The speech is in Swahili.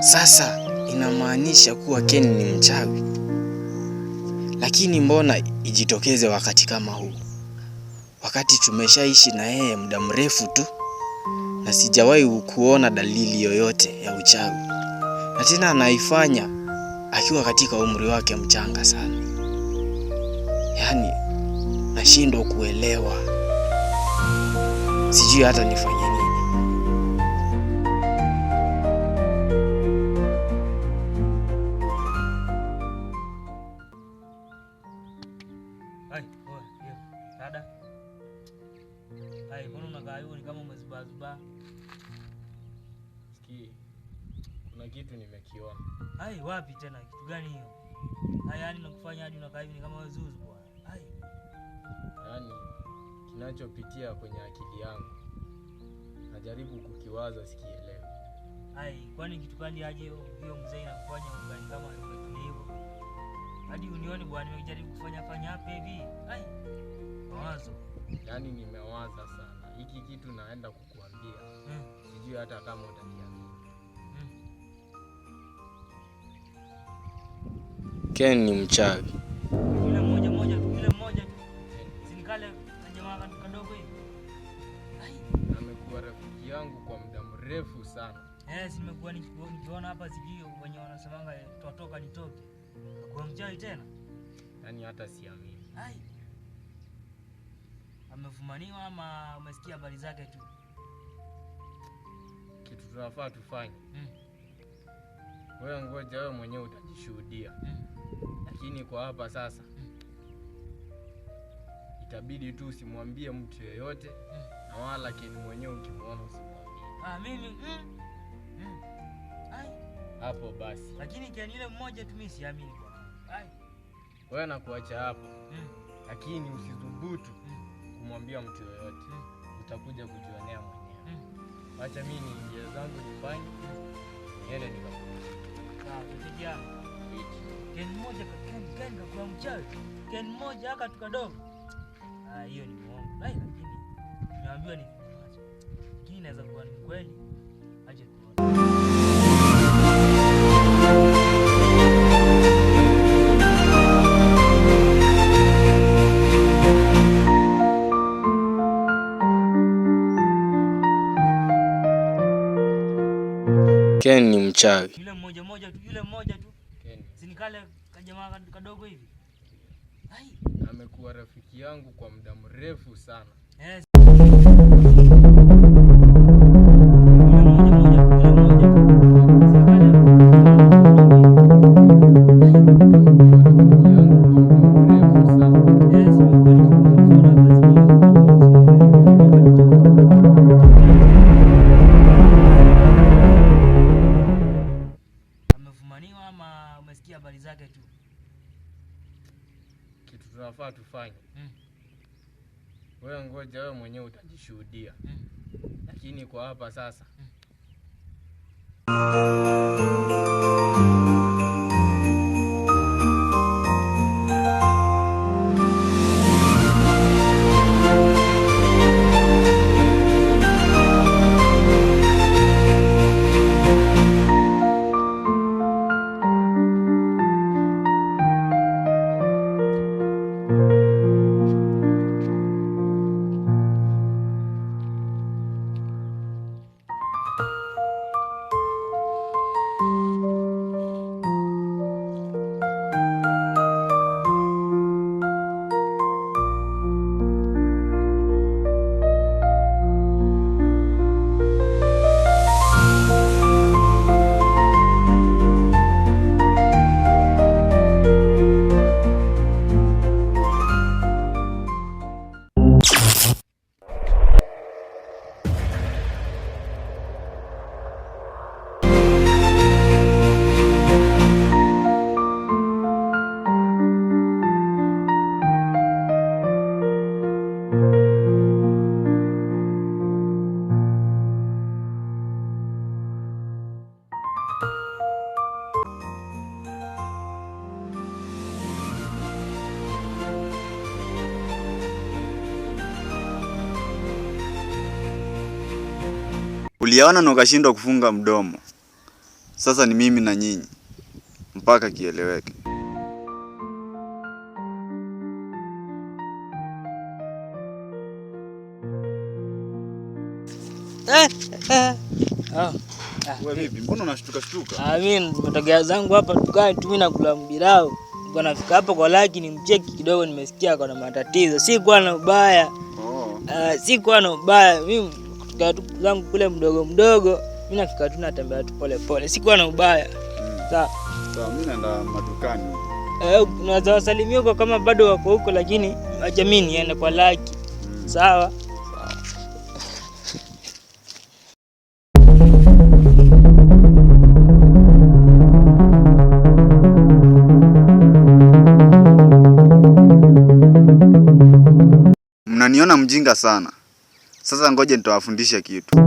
Sasa inamaanisha kuwa Ken ni mchawi, lakini mbona ijitokeze wakati kama huu, wakati tumeshaishi na yeye muda mrefu tu na sijawahi kuona dalili yoyote ya uchawi, na tena anaifanya akiwa katika umri wake mchanga sana. Yaani nashindwa kuelewa, sijui hata nifanye Dada hai, mbona unakaa hivyo? Ni kama umezubaazubaa. Sikii, kuna kitu nimekiona. Hai, wapi tena? Kitu gani hiyo? Hai, yani nakufanya hadi unakaa hivi, ni kama wewe zuzu bwana. Hai, yani kinachopitia kwenye akili yangu najaribu kukiwaza, sikielewi. Hai, kwani kitu gani aje hiyo mzee inakufanya ugani kama hivyo hadi unioni bwana, nimejaribu kufanya fanya hapa hivi hai mawazo, yaani nimewaza sana hiki kitu, naenda kukuambia hmm. sijui hata kama utaniamini hmm. Ken ni mchawi amekuwa rafiki yangu kwa muda mrefu sana. Eh, simekuwa nikiona hapa sijui wenye wanasemanga totoka nitoke. Kwa mchawi tena? Yaani hata siamini. Ai amefumaniwa ama umesikia habari zake tu? Kitu tunafaa tufanye mm. Wewe ngoja wewe mwenyewe utajishuhudia mm. Lakini kwa hapa sasa mm. Itabidi tu usimwambie mtu yeyote mm. Na wala keni mwenyewe ukimwona usimwambie. Ah, mimi mm. Hapo basi. Lakini keni ile mmoja tu mimi siamini bwana. Ai. Wewe nakuacha hapo mm. Lakini usithubutu mm kumwambia mtu yoyote, utakuja kujionea mwenyewe. Wacha mm. mimi ni njia zangu nyumbani niende ken moja aka tukadogo. Ah, hiyo ni muongo. Lakini niambiwa ni lakini inaweza kuwa ni Ken ni mchawi. Yule mmoja mmoja tu, yule mmoja tu. Ken. Sinikale kajamaa kadogo hivi. Amekuwa rafiki yangu kwa muda mrefu sana. Yes. wewe ngoja wewe mwenyewe utajishuhudia mm. Lakini kwa hapa sasa mm. Uliyaona na ukashindwa kufunga mdomo. Sasa ni mimi na nyinyi, mpaka kieleweke. Metokea zangu hapa dukani tu nakula mbirao, nafika hapa kwa Laki ni mcheki kidogo, nimesikia kuna matatizo. Sikuwa na ubaya, oh. ah, sikuwa na ubaya mimi, kutoka zangu kule mdogo mdogo, mi nafika tu natembea tu pole pole, sikuwa na ubaya. Hmm. Sawa sawa, mimi naenda madukani. Eh, unaweza wasalimia huko kama bado wako huko, lakini acha mimi niende kwa Laki. Hmm. Sawa. Unaniona mjinga sana. Sasa ngoja nitawafundisha kitu.